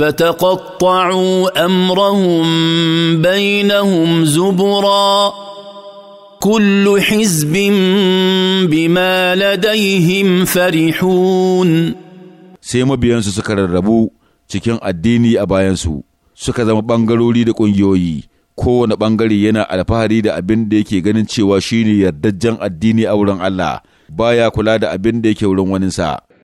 فتقطعوا امرهم بينهم زبرا كل حزب بما لديهم فرحون sai mabiyansu suka rarrabu cikin addini a bayansu suka zama ɓangarori da ƙungiyoyi kowane ɓangare yana alfahari da abin da yake ganin cewa shine yardajjen addini a wurin Allah baya kula da abin da yake wurin waninsa